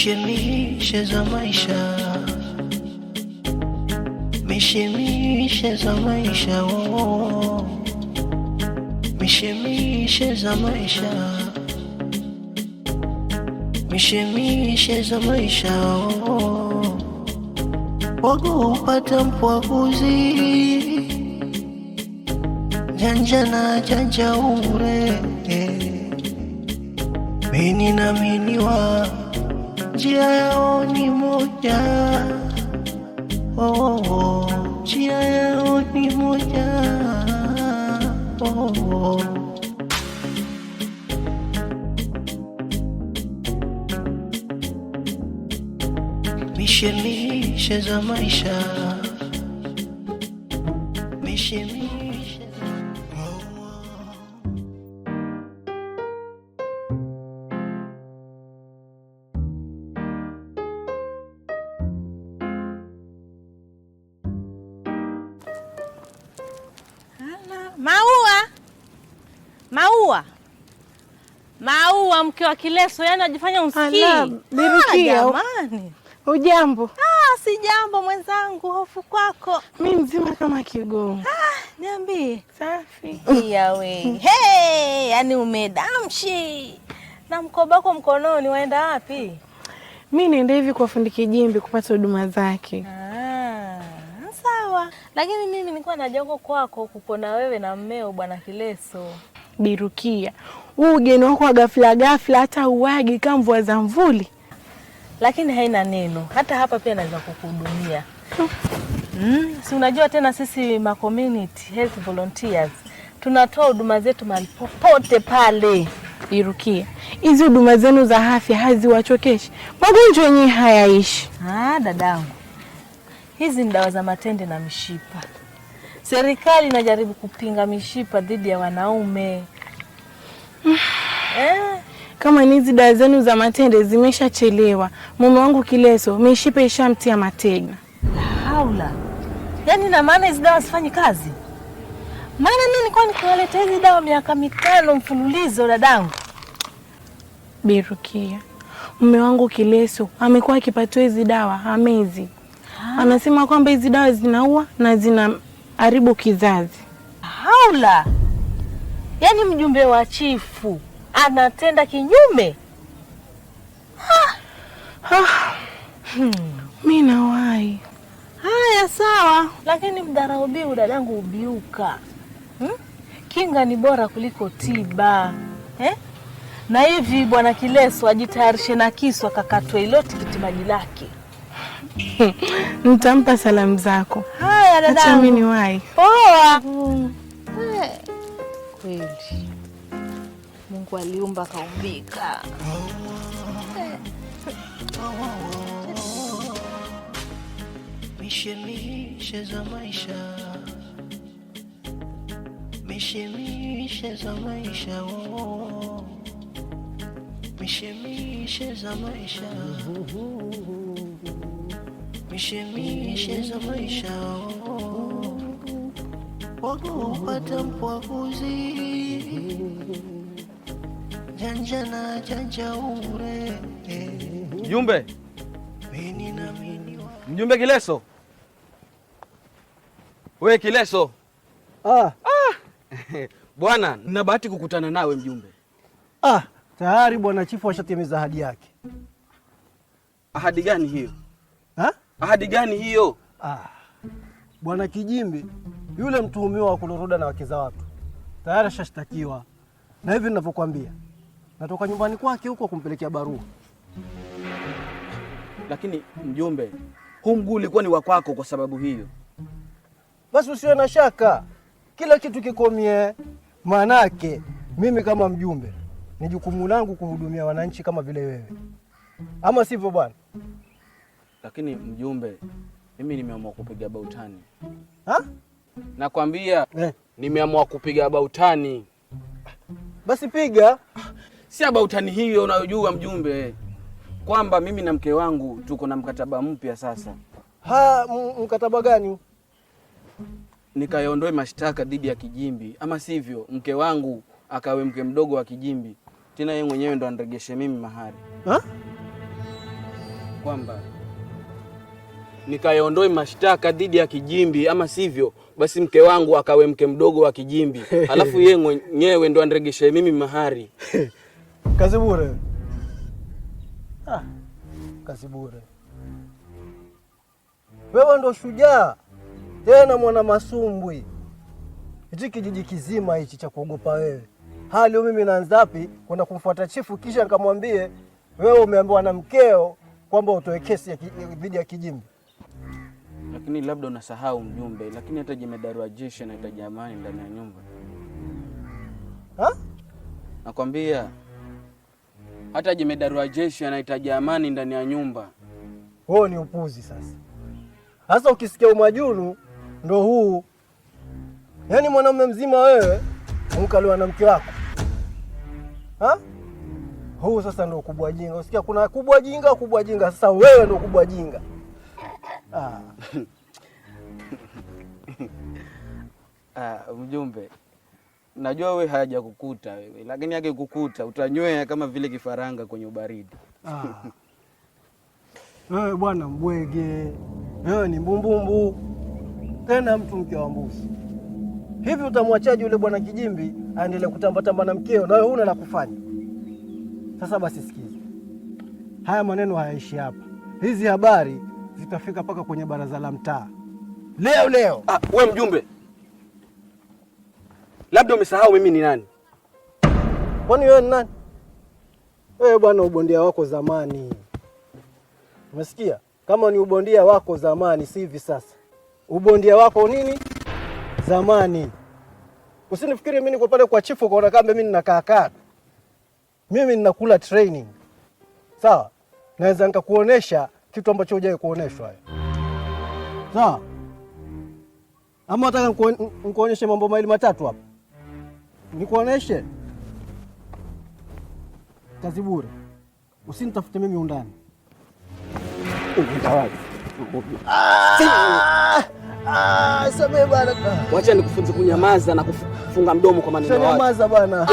mishemishe za maisha, mishemishe za maisha, oh, mishemishe oh, oh. za maisha, mishemishe za maisha, oh, oh wagoupata mpwaguzi janja na janja ure, eh, mini na miniwa njia yao ni moja, oh, njia yao ni moja, oh. mishemishe za maisha mke wa Kileso, yani wajifanya usikii. Ah, jamani, ujambo? Ah, si jambo mwenzangu, hofu kwako. Mi mzima kama kigongo. Ah, niambie. Safi. we. Hey, yani umedamshi na mkoba wako mkononi, waenda wapi? Mi naenda hivi kwa fundi Kijimbi kupata huduma zake. Ah, sawa, lakini mimi nilikuwa na kwako, kuko na wewe na mmeo bwana Kileso. Birukia huu ugeni wako wa ghafla ghafla, hata uwagi kama mvua za mvuli, lakini haina neno. Hata hapa pia naweza kukuhudumia mm. Si unajua tena sisi ma community health volunteers tunatoa huduma zetu mahali popote pale. Irukia, hizi huduma zenu za afya haziwachokeshi? Magonjwa yenyewe hayaishi. Ah, dadangu, hizi ni dawa za matende na mishipa. Serikali inajaribu kupinga mishipa dhidi ya wanaume kama ni hizi dawa zenu za matende zimeshachelewa, mume wangu Kileso mishipe ishamtia matega. Haula, yaani na maana hizi dawa sifanyi kazi? Maana mimi nilikuwa nikiwaleta hizi dawa miaka mitano mfululizo, dadangu Birukia. Mume wangu Kileso amekuwa akipatiwa hizi dawa amezi, ah. anasema kwamba hizi dawa zinaua na zinaharibu kizazi. Haula Yaani mjumbe wa chifu anatenda kinyume. Ah. Ah. Mi nawai haya sawa, lakini mdharau biu dadangu ubiuka hmm? Kinga ni bora kuliko tiba eh? Na hivi bwana Kileso ajitayarishe na kisu akakatwe ilo tikiti maji lake. Nitampa salamu zako. Haya dadangu, acha mi niwai. Poa. Mm kweli. Mungu aliumba kaumbika. Mishemishe za maisha, mishemishe za maisha, mishemishe za maisha, mishemishe za maisha wakuupata mpwakuzi janja na janja ure mjumbe mjumbe Kileso, we Kileso. ah. Ah. Bwana, nina bahati kukutana nawe mjumbe. ah, tayari bwana chifu washatimiza ahadi yake. Ahadi gani hiyo ha? Ah? Ahadi gani hiyo? ah. Bwana Kijimbi yule mtuhumiwa wa kuloroda na wake za watu tayari ashashtakiwa, na hivi ninavyokuambia natoka nyumbani kwake huko kumpelekea barua. Lakini mjumbe, huu mguu ulikuwa ni wa kwako, kwa sababu hiyo basi usiwe na shaka, kila kitu kikomie. Manake mimi kama mjumbe ni jukumu langu kuhudumia wananchi kama vile wewe, ama sivyo bwana? Lakini mjumbe, mimi nimeamua kupiga bautani ha? Nakwambia eh. nimeamua kupiga bautani. Basi piga. Si bautani hiyo unayojua mjumbe, kwamba mimi na mke wangu tuko na mkataba mpya sasa. Ha, mkataba gani? Nikayaondoe mashtaka dhidi ya Kijimbi, ama sivyo mke wangu akawe mke mdogo wa Kijimbi, tena yeye mwenyewe ndo aniregeshe mimi mahari ha? kwamba nikayaondoe mashtaka dhidi ya Kijimbi, ama sivyo basi mke wangu akawe mke mdogo wa Kijimbi, alafu yeye mwenyewe ndo anregeshe mimi mahari. kazi bure. Ah, kazi bure. Wewe ndo shujaa tena mwana masumbwi, hichi kijiji kizima hichi cha kuogopa wewe. Hali mimi nanzapi kwenda kumfuata chifu, kisha nikamwambie wewe umeambiwa na mkeo kwamba utoe kesi dhidi ya, ya Kijimbi lakini labda unasahau mjumbe, lakini hata jemedari wa jeshi anahitaji amani ndani ya nyumba. Nakwambia hata jemedari wa jeshi anahitaji amani ndani ya nyumba. Huo ni upuzi. Sasa sasa ukisikia umwajuru ndo huu, yaani mwanaume mzima wewe ukaliwa na mke wako ha? Huu sasa ndo kubwa jinga. Usikia kuna kubwa jinga, kubwa jinga. Sasa wewe ndo kubwa jinga. Ah. Ah, mjumbe, najua we haja kukuta wewe, lakini yake kukuta utanywea kama vile kifaranga kwenye ubaridi. Ah. Wewe bwana mbwege, wewe ni mbumbumbu tena mtu mke wa mbuzi. Hivi utamwachaje yule bwana kijimbi aendelee kutambatamba na mkeo na wewe una la kufanya? Sasa basi sikiza, haya maneno hayaishi hapa. Hizi habari zitafika mpaka kwenye baraza la mtaa leo leo. Ah, we mjumbe, labda umesahau mimi ni nani? Kwani wewe ni nani? Wewe bwana, ubondia wako zamani, umesikia? Kama ni ubondia wako zamani, si hivi sasa. Ubondia wako nini zamani? Usinifikiri mimi niko pale kwa chifu ukaona kama mimi ninakaakaa. Mimi ninakula training, sawa? Naweza nikakuonesha kitu ambacho hujai kuoneshwa. Sawa, ama nataka nikuonyeshe mambo mawili matatu hapa, nikuoneshe kazi bure, usinitafute mimi undani. Ah! Ah! Samehe bana, wacha nikufunze kunyamaza na kufunga mdomo kwa maneno yako. Nyamaza bwana,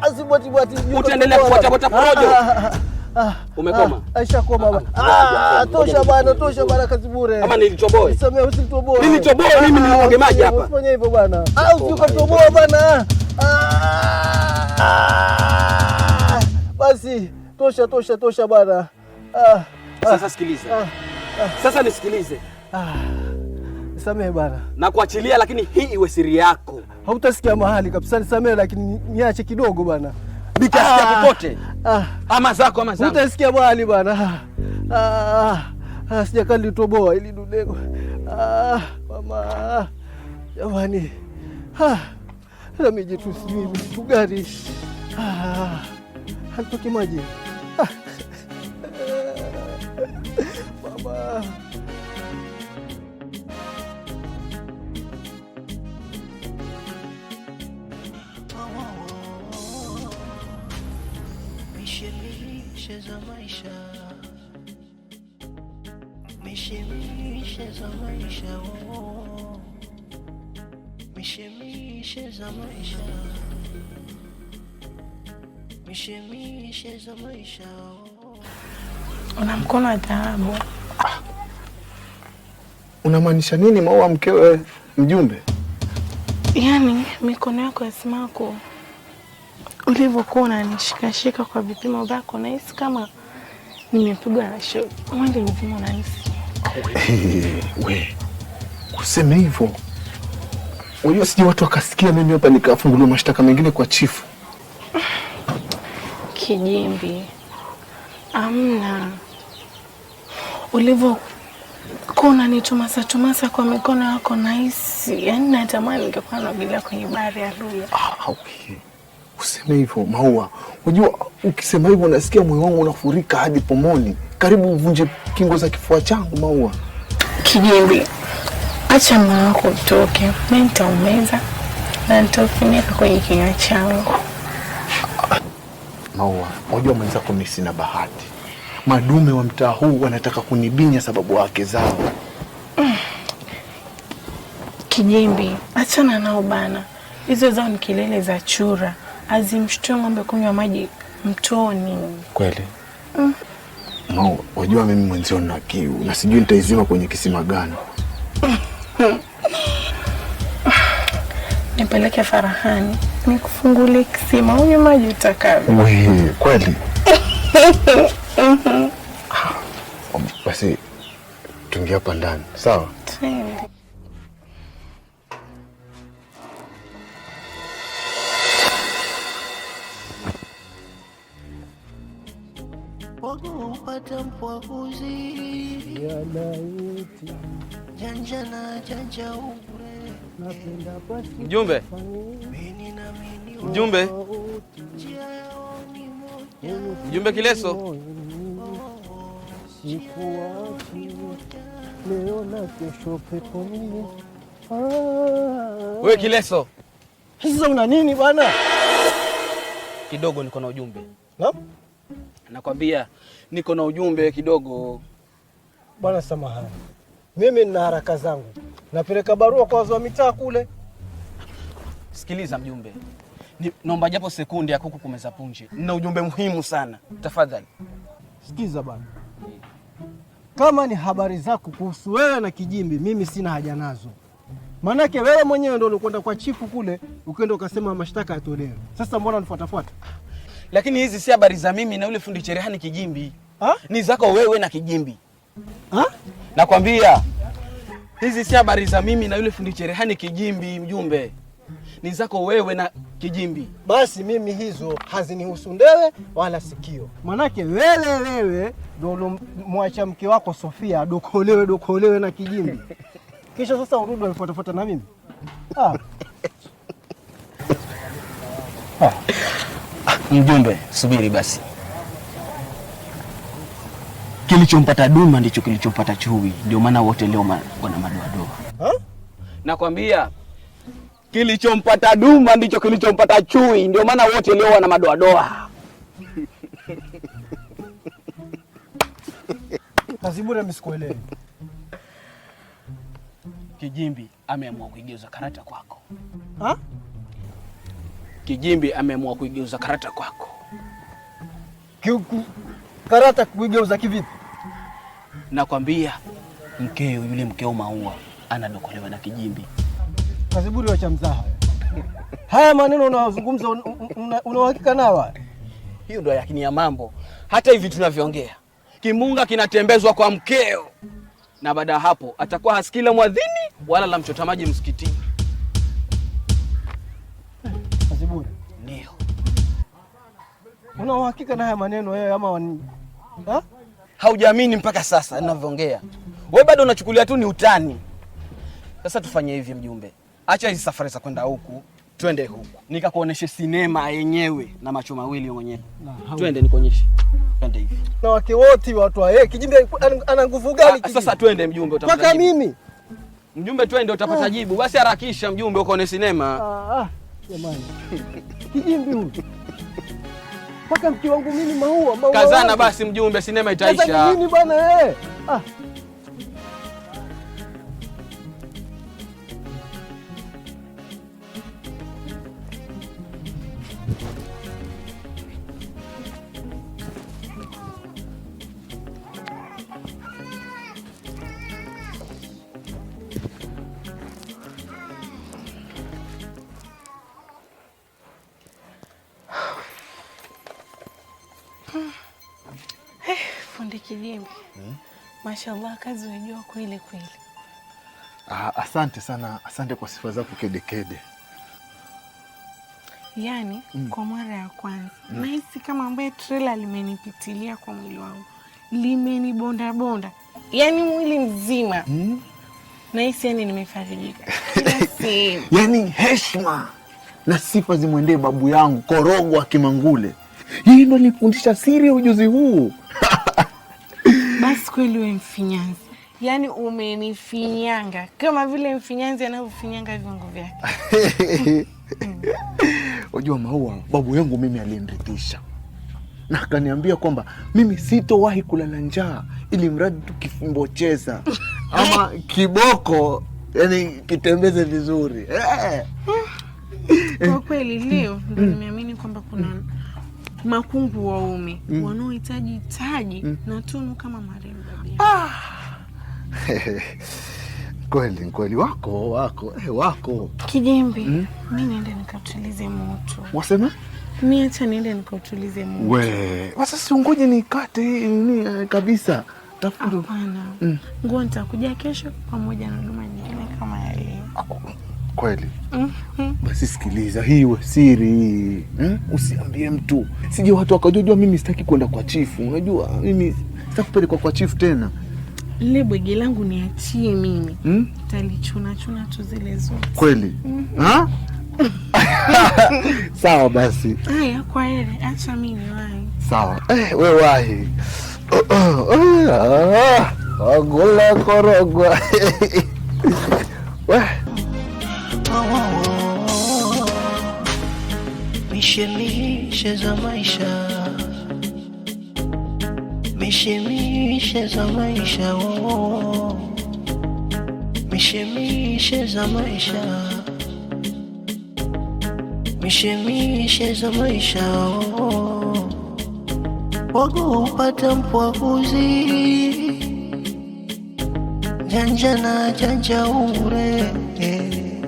ah! utaendelea kufuata kwa Ah, Umekoma? Aisha koma baba. Tosha bwana, tosha bwana, kazi bure. Ama nilichoboe. Nisamehe, usitoboe. Mimi ah, nitoboe, mimi nimwage maji hapa. Usifanye hivyo bwana. Au Ah, usikotoboa bwana. Ah, basi, tosha tosha tosha bwana. Sasa sikilize. Sasa nisikilize. Nisamehe bwana. Nakuachilia, lakini hii iwe siri yako. Hautasikia mahali kabisa. Nisamehe, lakini niache kidogo bwana nikasikia ah, popote. Ah. Ama zako ama zangu. Utasikia bwali bwana. Ah, ah sijakaa nilitoboa ili dulengo. Ah, mama. Jamani. Ah. Nami jitu sijui mtu Ah. Hanitoki ah. Mama. mishemishe oh, oh. za maisha mishemishe za maisha mishemishe oh, za maisha Una mkono wa taabu. unamaanisha nini Maua mkewe mjumbe? Yaani mikono yako yasimaku ulivyokuwa unanishikashika kwa vipimo vyako, nahisi kama nimepigwa na shoki. Mwenge mzima unanisi Hey, eh, we kuseme hivyo, unajua sije watu wakasikia mimi hapa nikafunguliwa mashtaka mengine kwa chifu Kijimbi. Amna kuna unanitumasa tumasa kwa mikono yako, nahisi yaani natamani ningekuwa bila kwenye bahari ya Luya. Ah, ah okay. Useme hivyo Maua, unajua ukisema hivyo nasikia moyo wangu unafurika hadi pomoni, karibu uvunje kingo za kifua changu. Maua kijembe, acha moyo wako utoke, mimi nitaumeza na nitaufunika kwenye kinywa changu. Maua, unajua mwenzako, mimi sina bahati. Madume wa mtaa huu wanataka kunibinya sababu wake zao. Mm. Kijimbi, achana nao bana, hizo zao ni kelele za chura azimshtue ng'ombe kunywa maji mtoni. Kweli mm. No, wajua mimi mwenzio na kiu na sijui nitaizima kwenye kisima gani. Nipeleke Farahani nikufungulie kisima unywe maji utakavyo. Kweli ah, basi, tungia hapa ndani sawa. kuupata mpwaguzi janja na janja mjumbe, mjumbe, mjumbe Kileso, wewe Kileso, sasa una nini bwana? Kidogo niko na ujumbe. Naam nakwambia niko na ujumbe kidogo bwana. Samahani, mimi nina haraka zangu, napeleka barua kwa wazee wa mitaa kule. Sikiliza mjumbe, naomba japo sekunde ya kuku kumeza punje, nina ujumbe muhimu sana, tafadhali sikiza bwana. Kama ni habari zako kuhusu wewe na Kijimbi, mimi sina haja nazo, maanake wewe mwenyewe ndio ulikwenda kwa chifu kule, ukienda ukasema mashtaka yatolewe. Sasa mbona nifuatafuata? Lakini hizi si habari za mimi na yule fundi cherehani Kijimbi ha? Ni zako wewe na Kijimbi ha? Nakwambia hizi si habari za mimi na yule fundi cherehani Kijimbi, mjumbe ni zako wewe na Kijimbi. Basi mimi hizo hazinihusu ndewe wala sikio, manake wewe wewe ndo ulimwacha mke wako Sofia dokolewe dokolewe na Kijimbi, kisha sasa urudi unifuatafuata na mimi Ah. ah. Ah, mjumbe, subiri basi. Kilichompata Duma ndicho kilichompata Chui, ndio maana wote leo wana madoadoa. Nakwambia kilichompata Duma ndicho kilichompata Chui, ndio maana wote leo wana madoadoa. Kazimura, msikuelewi. Kijimbi ameamua kuigeuza karata kwako ha? Kijimbi ameamua kuigeuza karata kwako. Kiku, karata kuigeuza kivipi? Nakwambia mkeo yule, mkeo Maua anadokolewa na Kijimbi. Kaziburi wa chamzaha haya maneno unawazungumza, unauhakika nawa? Hiyo ndo yakini ya mambo. Hata hivi tunavyoongea, kimunga kinatembezwa kwa mkeo, na baada ya hapo atakuwa hasikila mwadhini wala la mchota maji msikitini. una uhakika na haya maneno wewe ama wani... ha? Haujaamini mpaka sasa ninavyoongea. Wewe bado unachukulia tu ni utani. Sasa tufanye hivi mjumbe, acha hizi safari za kwenda huku, twende huku nikakuoneshe sinema yenyewe na macho mawili mwenyewe. Twende nikuonyeshe, twende hivi na wake wote watu wa yeye. Eh, kijimbe ana nguvu gani? Ah, sasa twende mjumbe, utapata Paka mimi mjumbe, twende utapata ah. jibu. Basi harakisha mjumbe, ukaone sinema ah, ah. Jamani kijimbe huyu mpaka mke wangu mimi maua maua. Kazana basi mjumbe, sinema itaisha. Nini bwana eh? Ah. Jimbi hmm? Mashallah, kazi unajua kweli kweli. Ah, asante sana, asante kwa sifa zako kedekede. Yaani mm. Kwa mara ya kwanza mm. nahisi kama ambaye trela limenipitilia kwa mwili wangu limenibondabonda, yaani mwili mzima mm. nahisi yani nimefarijika yaani heshima na sifa zimwendee babu yangu Korogwa Kimangule. Yeye ndo alinifundisha siri ya ujuzi huu Bas kweli we mfinyanzi, yaani umenifinyanga kama vile mfinyanzi anavyofinyanga viungo vyake. Unajua Maua, babu yangu mimi alinirithisha na akaniambia kwamba mimi sitowahi kulala njaa, ili mradi tu kifimbocheza ama kiboko, yani kitembeze vizuri. Eh. Kwa kweli leo ndo mm. nimeamini kwamba kuna mm makungu waume mm. wanaohitaji taji mm. na tunu kama marembo ah. Kweli kweli, wako wako eh, wako Kijembe mm. mi niende nikautulize moto. Wasema mi acha niende nikautulize moto. We sasa siungoje nikate ni eh, kabisa tafuta. mm. nguo nitakuja kesho pamoja na huduma nyingine kama yaliyoko. Oh kweli? mm -hmm. Basi sikiliza, hii iwe siri eh? Usiambie mtu, sije watu wakajua. Mimi sitaki kwenda kwa chifu, unajua mimi sitakupelekwa kwa chifu tena. Lile bwege langu niachie mimi hmm? Talichuna chuna tu zile zote kweli. mm -hmm. Sawa basi, haya kwa heri, acha mimi wahi. Sawa eh, we wahi agula ah, ah, ah, korogwa mishemishe za maisha, mishemishe za maisha, oh, mishemishe oh, oh. za maisha, mishemishe za maisha, oh, oh wagoupata mpwaguzi janja na janja ure, eh,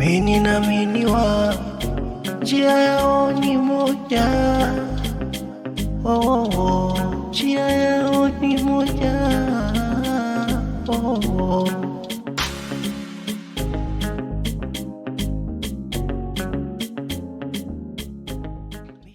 mini na miniwa njia yao ni moja, njia oh, oh, oh. yao ni moja.